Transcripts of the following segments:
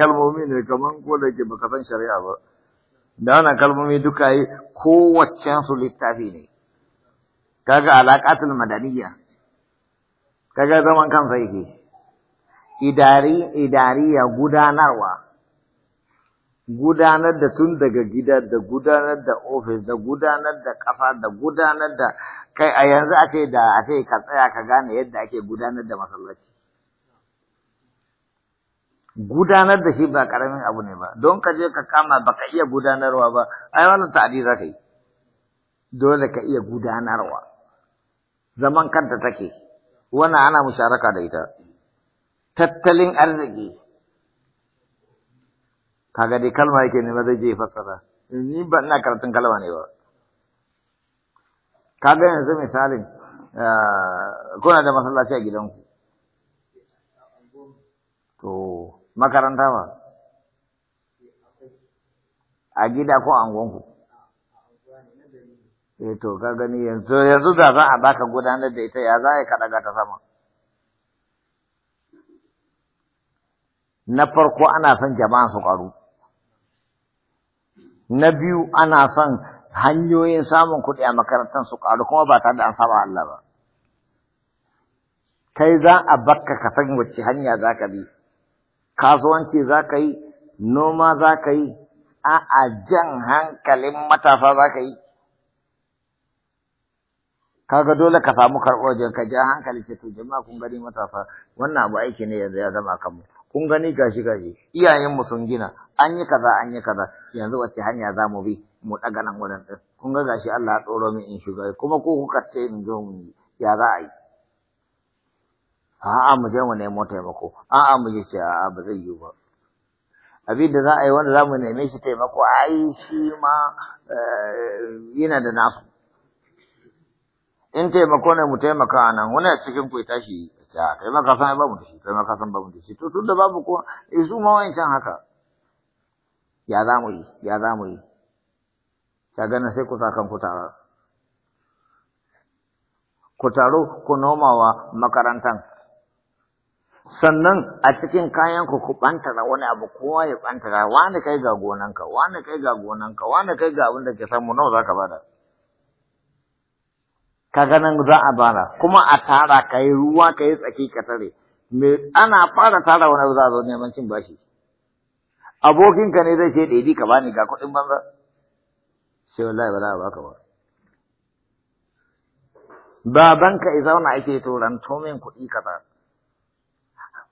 kalmomi ne kaman ko da ke baka san shari'a ba da wannan kalmomi duka yi kowaccen su littafi ne kaga alaqatul madaniyya kaga zaman kan yake idari ya gudanarwa gudanar da tun daga gida da gudanar da ofis da gudanar da ƙasa da gudanar da kai a yanzu a da a ka tsaya ka gane yadda ake gudanar da masallaci gudanar da shi ba karamin abu ne ba don ka je ka kama ba ka iya gudanarwa ba ai wannan ta'adi za ka yi dole ka iya gudanarwa zaman kanta take wannan ana musharaka da ita tattalin arziki kaga dai kalma yake ne ba zai je fassara ni ba ina karatun kalma ne ba kaga yanzu misalin ah, kuna da masallaci a gidanku makaranta ba a gida ko angonku eh to ka gani yanzu yanzu da za a baka gudanar da ita ya za a kaɗaga ta sama na farko ana son jama'a su ƙaru na biyu ana son hanyoyin samun kuɗi a makarantar su ƙaru kuma ba tare da an saba Allah ba kai za a barka ka san wacce hanya za ka bi kasuwanci za ka yi noma za ka yi a'a jan hankalin matasa za ka yi kaga dole ka samu karɓo wajen ka jan hankali ce to jama'a kun gani matasa wannan abu aiki ne yanzu ya zama kanmu kun gani gashi gashi iyayen sun gina an yi kaza an yi kaza yanzu wacce hanya za mu bi mu ɗaga nan wurin ɗin kun ga gashi Allah ya tsoro min in shiga kuma ko kuka ce in zo mu ya za a yi a'a mu je mu nemo taimako a'a mu je ce a'a ba zai yiwu ba abin da za a yi wanda za mu neme shi taimako ai shi ma eh, yana da nasu in taimako ne mu taimaka nan wani a cikin ku tashi ya taimaka san babu da shi taimaka san babu da shi to tun da babu ko eh, su ma wancan haka ya za mu yi ya za mu yi ta gana sai ku sakan ku tara ku taro ku nomawa makarantan sannan a cikin kayan ku ku bantara wani abu kowa ya bantara wani kai ga gonanka wani kai ga gonanka wani kai ga abin da ke samu nawa zaka bada ka ganin za a bada kuma a tara ka yi ruwa ka yi tsaki ka tare me ana fara tara wani abu za a zo neman cin bashi abokinka ne zai ce ɗebi ka bani ga kuɗin banza sai wallahi ba za a baka ba babanka ya zauna ake turanto min kuɗi kaza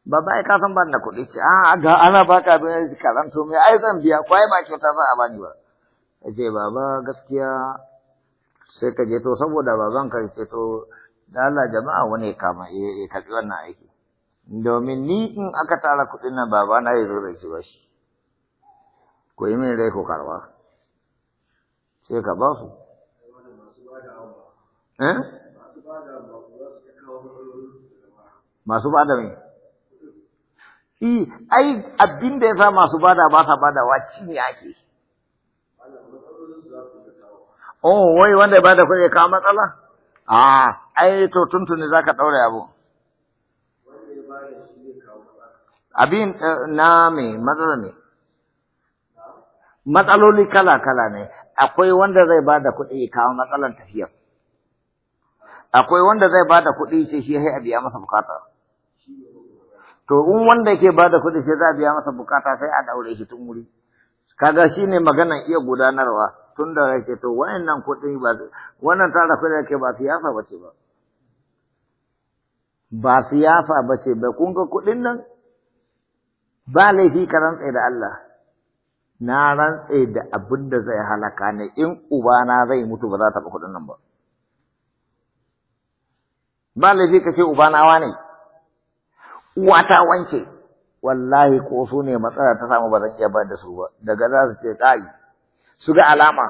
baba ai ka san ban da kuɗi ce a ga ana baka bin karanto mai ai zan biya kwai ba kyauta za a bani ba ce baba gaskiya sai ka je to saboda zan ka ce to da Allah jama'a wani kama ya karbi wannan aiki domin ni in aka tara kuɗin nan baba na yi zurbe shi ba shi ko yi min rai ko karwa sai ka ba su eh? masu ba da mai I, e, ai abin da ya sa masu bada ba sa badawa cinye ake. Oh, wai wanda ya bada kuɗi ya kawo matsala? Ah, ai to tuntuni za ka ɗaure abu. Abin eh, na me matsala ne. Matsaloli kala-kala ne, akwai wanda zai bada kuɗi ya kawo matsalan tafiyar. Akwai wanda zai bada kuɗi ce shi ya biya masa bukatar. to in wanda yake ba da kuɗi sai za a biya masa bukata sai a daure shi tun wuri kaga shi ne maganan iya gudanarwa tun da yake to nan kuɗi ba wannan tara kuɗi yake ba siyasa ba ce ba ba siyasa ba ce ba kun ga kuɗin nan ba laifi ka rantse da Allah na rantse da abin da zai halaka ne in ubana zai mutu ba za ta ba kuɗin nan ba ba laifi ka ce ubana wa ne uwa ta wanke wallahi ko su ne matsala ta samu ba zan iya ba da su ba daga za su ce kai su ga alama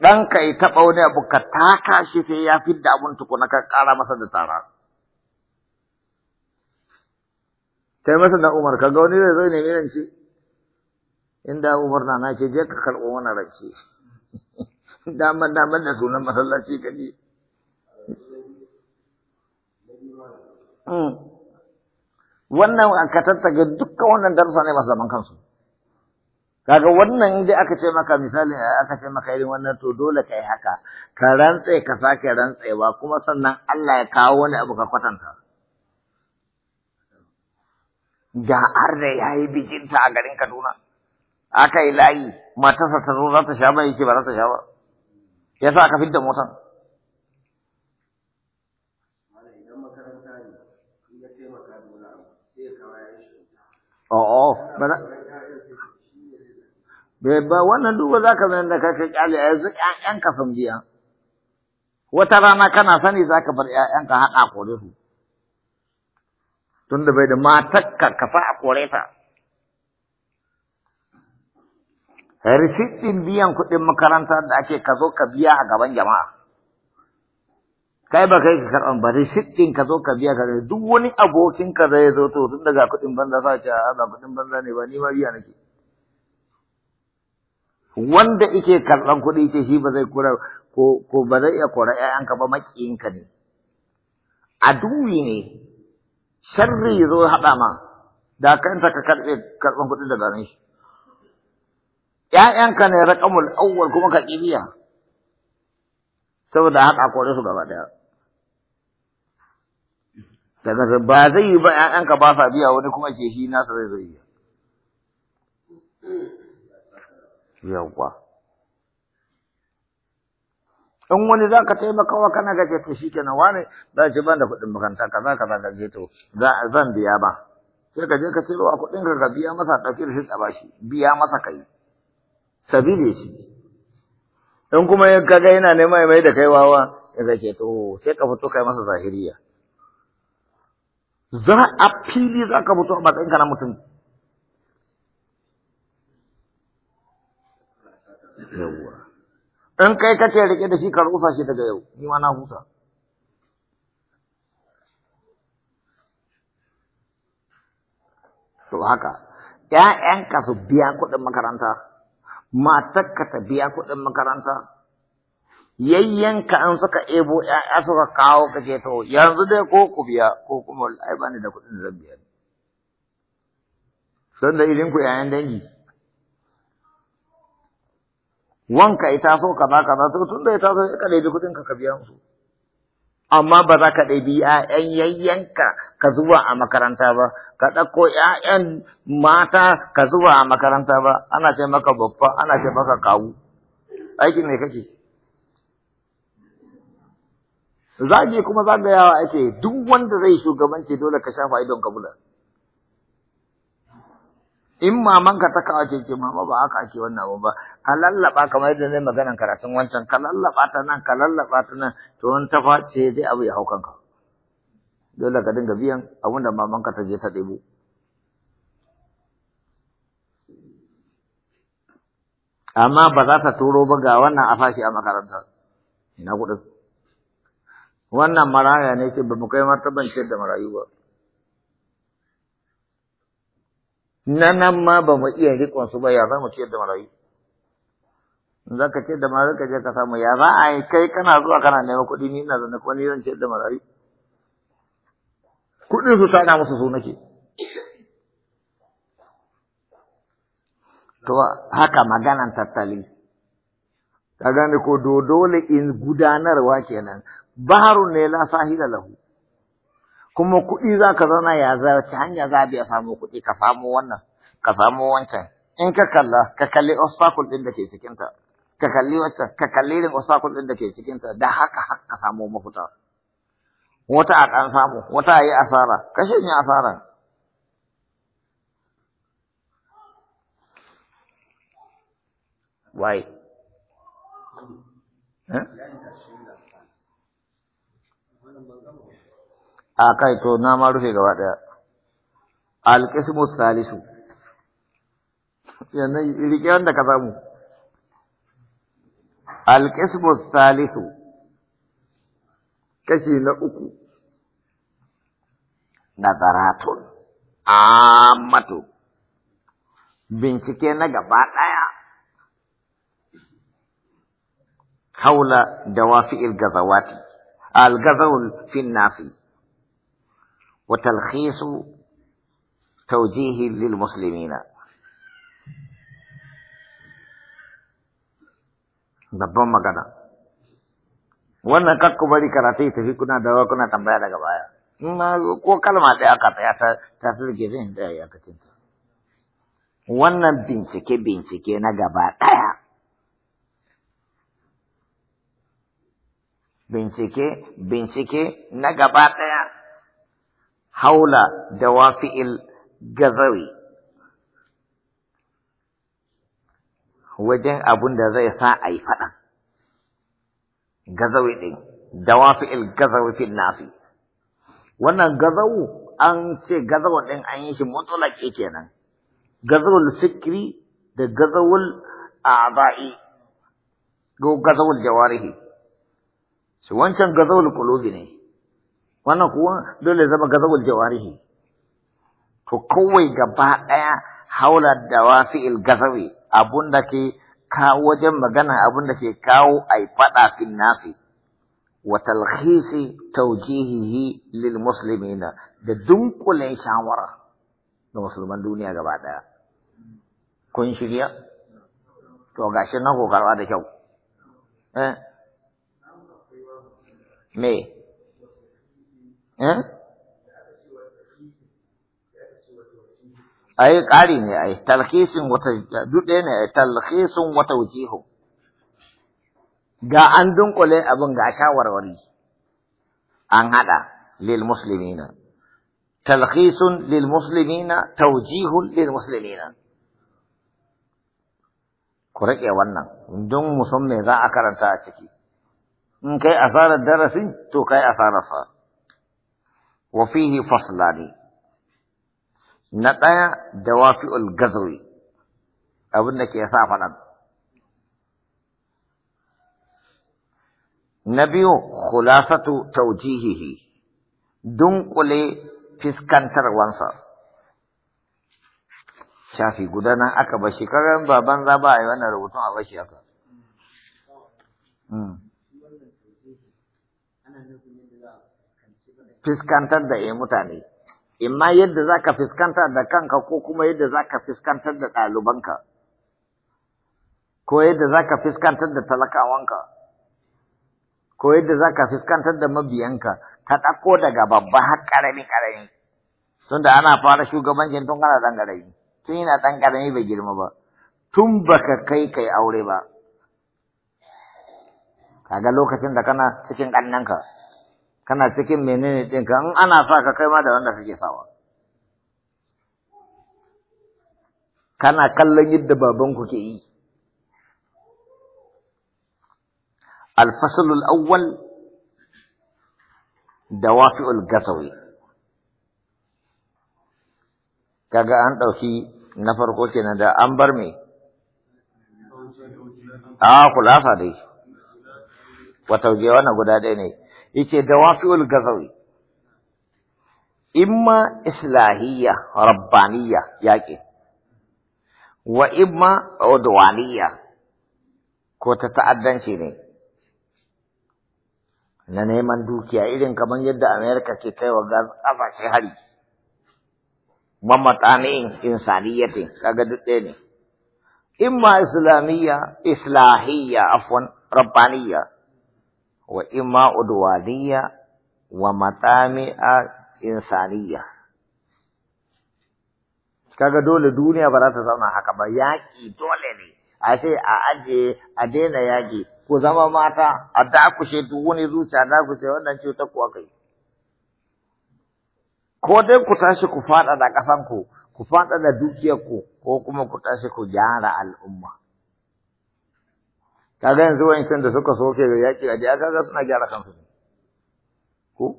dan ka yi taɓa wani abu ka taka shi sai ya fi da abun tukuna ka ƙara masa da tara kai masa da Umar ga wani zai zo ne miran rance inda Umar na na ce je ka karɓo mana rance daman daman da sunan masallaci kaje Hmm. wannan ka tattaga dukkan wannan darussa ne masu zaman kansu kaga wannan inda aka ce maka misali aka ce maka irin wannan to dole kai haka ka rantse ka sake rantsewa kuma sannan Allah ya kawo wani abu ka kwatanta da arda ya yi bikinta a garin Kaduna aka yi layi matarsa ta zo za ta sha ba yake ba za ta sha ba yasa aka fidda motar Oh, oh, bana. Bai ba wannan duba za ka zan da kake kyale a yanzu ‘ya'yanka sun biya. Wata rana kana sani za ka bar ‘ya'yanka haɗa kore su. Tunda bai da matakka ka fa a kore ta. Risit ɗin biyan kuɗin makaranta da ake ka zo ka biya a gaban jama'a. kai ba kai ka karɓan ba dai ka zo ka biya ka duk wani abokin ka zai zo to tun daga kuɗin banza sa ce a ba kuɗin banza ne ba ni ma biya nake wanda ike karɓan kuɗi ce shi ba zai kura ko ko ba zai iya kora ƴaƴanka ba maƙiyin ka ne aduwi ne sharri zo haɗa ma da kanta ka karɓe karɓan kuɗi daga nan shi ƴaƴanka ne raƙamul awwal kuma ka ƙi biya saboda haka kore su gaba ɗaya kaza ba zai yi ba ƴaƴanka ba sa biya wani kuma ke shi nasa zai zai biya yawwa in wani za ka taimaka wa kana gaje to shi kenan wani za ce ban da kuɗin makaranta kaza kaza gaje to zan biya ba sai ka je ka ce wa kuɗin ka biya masa ɗauki da shi tsaba shi biya masa kai sabili shi in kuma ka ga yana nema ya mai da kai wawa ya ce to sai ka fito kai masa zahiriya za a fili za ka mutu a matsayinka na mutum yawwa in kai kake rike da shi ka rufa shi daga yau ni ma na huta to haka ‘ya'yanka su biya kuɗin makaranta matarka ta biya kuɗin makaranta yayyanka an suka ebo ya suka kawo ka ce to yanzu dai ko ku biya ko kuma ai ba da kuɗin zan biya don da irin ku yayan dangi wanka ita so ka ba ka ba to tun da ita so ka kuɗin ka biya musu amma ba za ka ɗabi ‘ya'yan yayyanka ka zuwa a makaranta ba, ka ɗauko ‘ya'yan mata ka zuwa a makaranta ba, ana ce maka babba, ana ce maka kawu, aikin ne kake. zagi kuma zagayawa ake duk wanda zai shugabanci dole ka shafa idon ka bula in mamanka ta kawo ce mama ba haka ake wannan abu ba ka lallaba kamar yadda zai maganan karatun wancan ka lallaba ta nan ka lallaba ta nan to wani ta face dai abu ya hau kanka dole ka dinga biyan abin da mamanka ta je ta ɗebo amma ba za ta turo ba ga wannan a fashi a makaranta ina kuɗin wannan maraya ne ce ba mu kai martaban ce da marayu ba na nan ma ba mu iya rikon su ba ya za mu ciyar da marayu za ka ciyar da marayu ka je ka samu ya za a yi kai kana zuwa kana neman kuɗi ni ina zana kuma ni zan ciyar da marayu kuɗin su tana musu su nake to haka maganan tattali ka gane ko dole in gudanarwa kenan baharun ne la sahila lahu kuma kuɗi za ka zana ya zarci hanya za a biya samu kuɗi ka samu wannan ka samu wancan in ka kalla ka kalli obstacle ɗin da ke cikinta ka kalli wacce ka kalli irin obstacle ɗin da ke cikinta da haka haka ka samu mafita wata a kan samu wata a yi asara ka shanye asaran Why? Huh? a kai to na ma rufe gaba ɗaya alƙismu salisu yanzu riƙe wanda ka samu alƙismu salisu kashi na uku nazaratun amatu bincike na gaba ɗaya haula da wafi al-gazawati al-gazawul fin nasi وتلخيص توجيه للمسلمين babban magana wannan kakku bari karatu ya tafi kuna dawa kuna tambaya daga baya in ko kalma ɗaya aka tsaya ta ta turge ya kacin wannan bincike bincike na gaba ɗaya bincike bincike na gaba ɗaya haula dawafi'il gazawi wajen abun da zai sa a yi faɗan gazawi ɗin dawafi'il gazawi fil nasi wannan gazawu an ce gazawun ɗin an yi shi mutsulake kenan gazawul sikri da gazawul a'ba'i ko gazawul jawarihi wancan gazawul kulubi ne wannan kuwa dole zama gazagul jawarihi to kawai gaba ɗaya haula da wafi'il gazawi abun da ke kawo wajen magana abun da ke kawo a faɗa fin nasi wa talhisi taujihihi lil muslimina da dunkulen shawara da musulman duniya gaba ɗaya kun shirya to gashi nan ko karɓa da kyau eh me Eh? ai ƙari ne ai talhisin wata duk ɗaya ne ai talhisin wata wujihu ga an dunkule abin ga shawarwari an haɗa lil muslimina talhisun lil muslimina taujihun lil muslimina ku riƙe wannan don mu san me za a karanta a ciki in kai asarar darasin to kai asararsa Wafihi Faslani na ɗaya da wafi Ol Gazaure, abin da ke saka faɗan, na biyu kulasatu Tautihihi, dunkule fuskantarwansa, shafi gudanar aka bashi, kare mu babban za ba yi wannan rubutun a bashi aka. Hmm. fiskantar da ya eh mutane, imma yadda za ka fiskanta da kanka ko kuma yadda za ka fiskantar da ɗalibanka, ko yadda za ka fiskantar da talakawanka, ko yadda za ka fiskantar da mabiyanka, ta ɗauko daga babba har ƙarami ƙarami. Tun da ana fara shugabancin tun kana ɗan ƙarami, tun yana ɗan ƙarami bai girma ba, tun baka kai kai aure ba. Kaga lokacin da kana cikin ƙannanka. kana cikin menene ɗinka in ana sa ka kai ma da wanda kake sawa kana kallon yadda babanku ke yi da الأول دوافع gasawi kaga an ɗauki na farko kenan da an bar me a ah, kulasa dai wata na guda ɗaya ne yake dawafi'ul gazawi imma islahiyya rabbaniyya yaƙi wa imma udwaniyya ko ta ta'addanci ne na neman dukiya irin kamar yadda amerika ke kai wa ƙasashe hari mamatanin insaniyatin kaga duk ɗaya ne imma islamiyya islahiyya afwan rabbaniyya wa imma udwaniya wa matami'a insaniya kaga dole duniya ba za ta zauna haka ba yaƙi dole ne a ce a aje a daina yaƙi ku zama mata a dakushe duk wani zuciya dakushe wannan cuta kuwa kai ko dai ku tashi ku faɗa da ƙasanku ku faɗa da dukiyarku ko kuma ku tashi ku gyara al'umma Ka ga yanzu wancan da suka soke da yaƙi a jiya kaga suna gyara kansu ne ko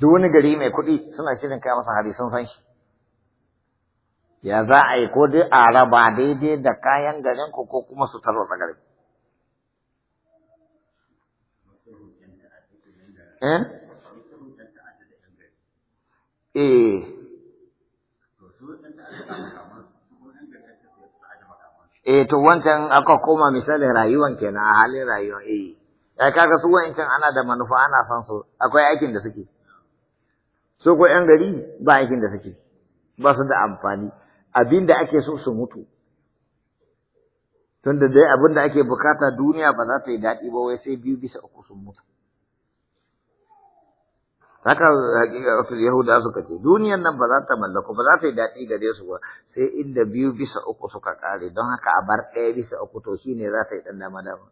duk wani gari mai kuɗi suna shirin kai masa hari sun san shi ya za a yi ko dai a raba daidai da kayan garin ku ko kuma su tarwatsa garin eh eh eh to wancan aka koma misalin rayuwan kenan a halin rayuwa eh ya kaga su wancan ana da manufa ana san su akwai aikin da suke su ko yan gari ba aikin da suke ba su da amfani abinda ake so su mutu tunda dai abin da ake bukata duniya ba za ta yi daɗi ba wai sai biyu bisa uku sun mutu haka hakikatul yahuda suka ce duniyar nan ba za ta mallaku ba za ta yi daɗi gare su ba sai inda biyu bisa uku suka kare don haka a bar ɗaya bisa uku to shine za ta yi ɗan dama dama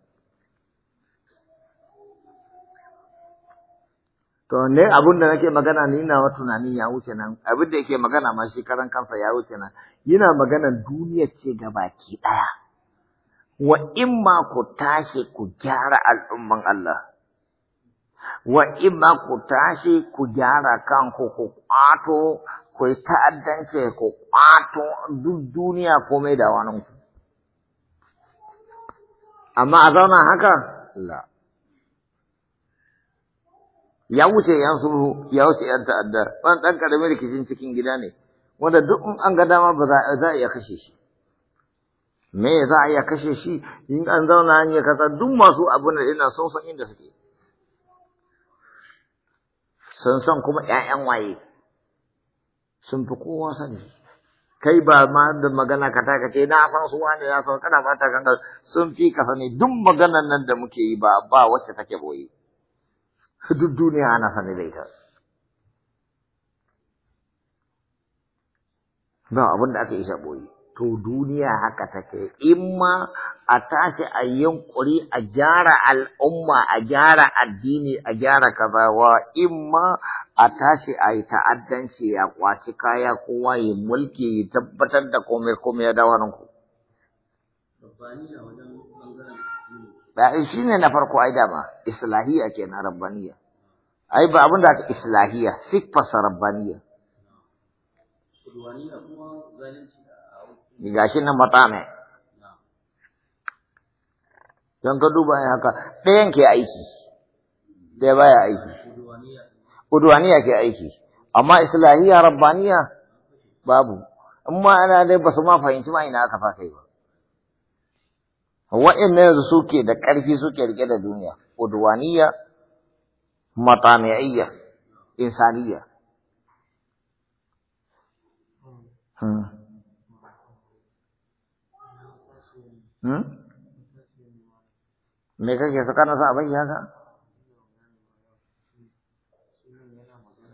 to ne abin da nake magana ni na tunani ya wuce nan abin da yake magana ma shi karan kansa ya wuce nan yana magana duniya ce baki ɗaya wa in ma ku tashi ku gyara al'umman Allah wa ima ku tashi ku gyara kanku ku kwato ku yi ta'addance ku kwato duk duniya komai da wani ku. Amma a zauna haka? La. Ya wuce ‘yan sulhu, ya wuce ‘yan ta'adda, wani ɗan ƙaramin rikicin cikin gida ne, wanda duk in an ga dama ba za a iya kashe shi. Me za a iya kashe shi in an zauna an yi kasa duk masu abin da ina sun san inda suke. sun san kuma ‘ya'yan waye sun fi kowa sani kai ba ma da magana ka ta kace na san su wani ya san kana ba ta ganga sun fi ka sani duk maganan nan da muke yi ba ba wacce take boye duk duniya ana sani da ita ba abin da aka isa boye to duniya haka take in ma a tashi a yankuri a gyara al'umma a gyara addini a gyara kazawa in ma a tashi a yi ta'addanci ya kwaci kaya kowa ya mulki ya tabbatar da komai komai ya dawo ku. Eh, shi ne na farko ai dama, islahiya ke na rabbaniya. Ai ba abin da aka islahiya, sifasa rabbaniya. kuma zalunci gashi nan mata ne don ka duba ya haka ɗayan ke aiki ɗaya baya aiki Uduwaniya ke aiki amma islahiyya rabbaniya babu in ma ana dai ba su ma fahimci ma ina aka fasa ba wa'annan yanzu suke da ƙarfi suke rike da duniya uduwaniya, matami'iyya insaniya. hmm. Hmm? me kake so kana sa a bayyana haka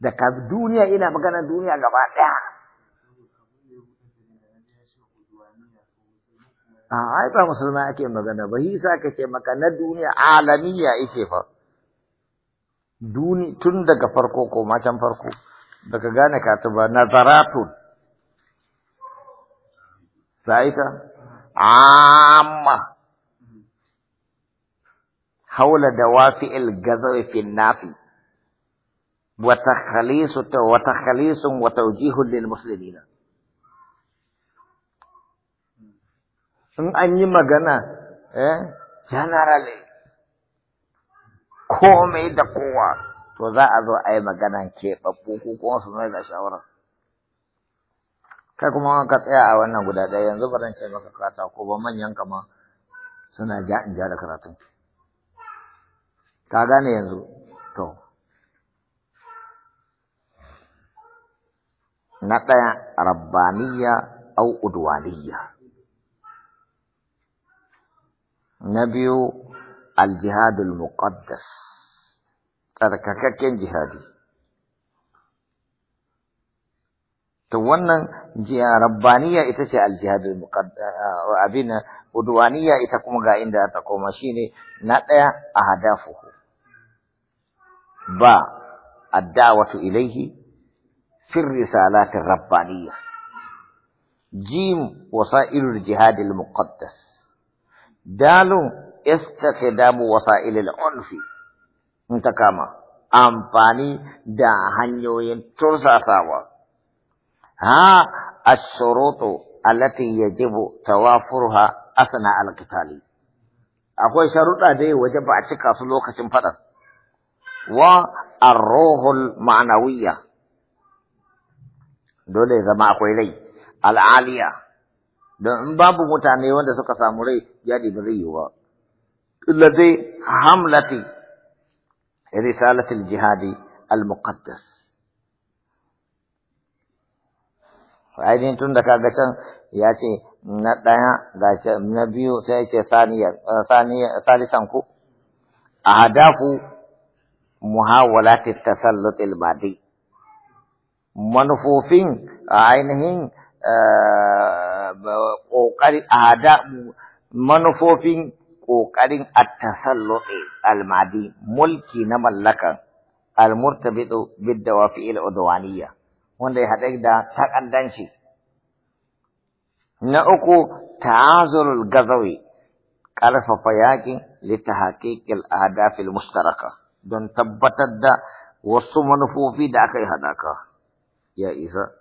da ka duniya ina magana duniya gaba ɗaya a ai ah, musulma ake magana ba shi sa ce duniya alamiya ake fa tun daga farko ko matan farko baka gane ka ta ba nazaratun ساعتها عامة حول دوافع الجذر في النافي وتخليص وتخليص وتوجيه للمسلمين ان اني مغنى ايه جنرالي كومي دقوة تو ذا اذو اي مغنى كيف ابوكو كون سنوية شاورة kai kuma ka tsaya a wannan guda ɗaya yanzu ba zan ce maka karata ko ba manyan kama suna ja in ja da karatun ka gane yanzu to na ɗaya rabbaniya au udwaniya na biyu aljihadul muqaddas tsarkakakken jihadi to wannan rabbaniya ita ce aljihadul abin udwaniya ita kuma ga inda ta koma shine na daya ahdafuhu ba addawatu ilaihi fi risalatir rabbaniyya jim wasailul jihadil muqaddas dalun istiqdamu wasailil unfi intakama amfani da hanyoyin tursasawa ها الشروط التي يجب توافرها أثناء القتال أقول شروط دي وجب أتكا سلوك سنفتا والروح المعنوية دولي زما أقول لي العالية دون باب متاني وانت سوكا سامري جادي بريوا الذي حملتي رسالة الجهاد المقدس ainihin tun da kaga can ya ce na ɗaya ga na biyu sai ce salisan ku a hadafu muhawalati tasallut al manufofin manufofin ainihin eh, ƙoƙari a hadafu manufofin ƙoƙarin a tasallut al mulki na mallakan al-murtabitu bid wafi al-udwaniyya wanda ya haɗe da taƙaddanci. Na uku, ta'azurul gazawi, ƙarfafa yaƙin litahaƙiƙil adafil mustaraka don tabbatar da wasu manufofi da aka yi haɗaka. Ya isa.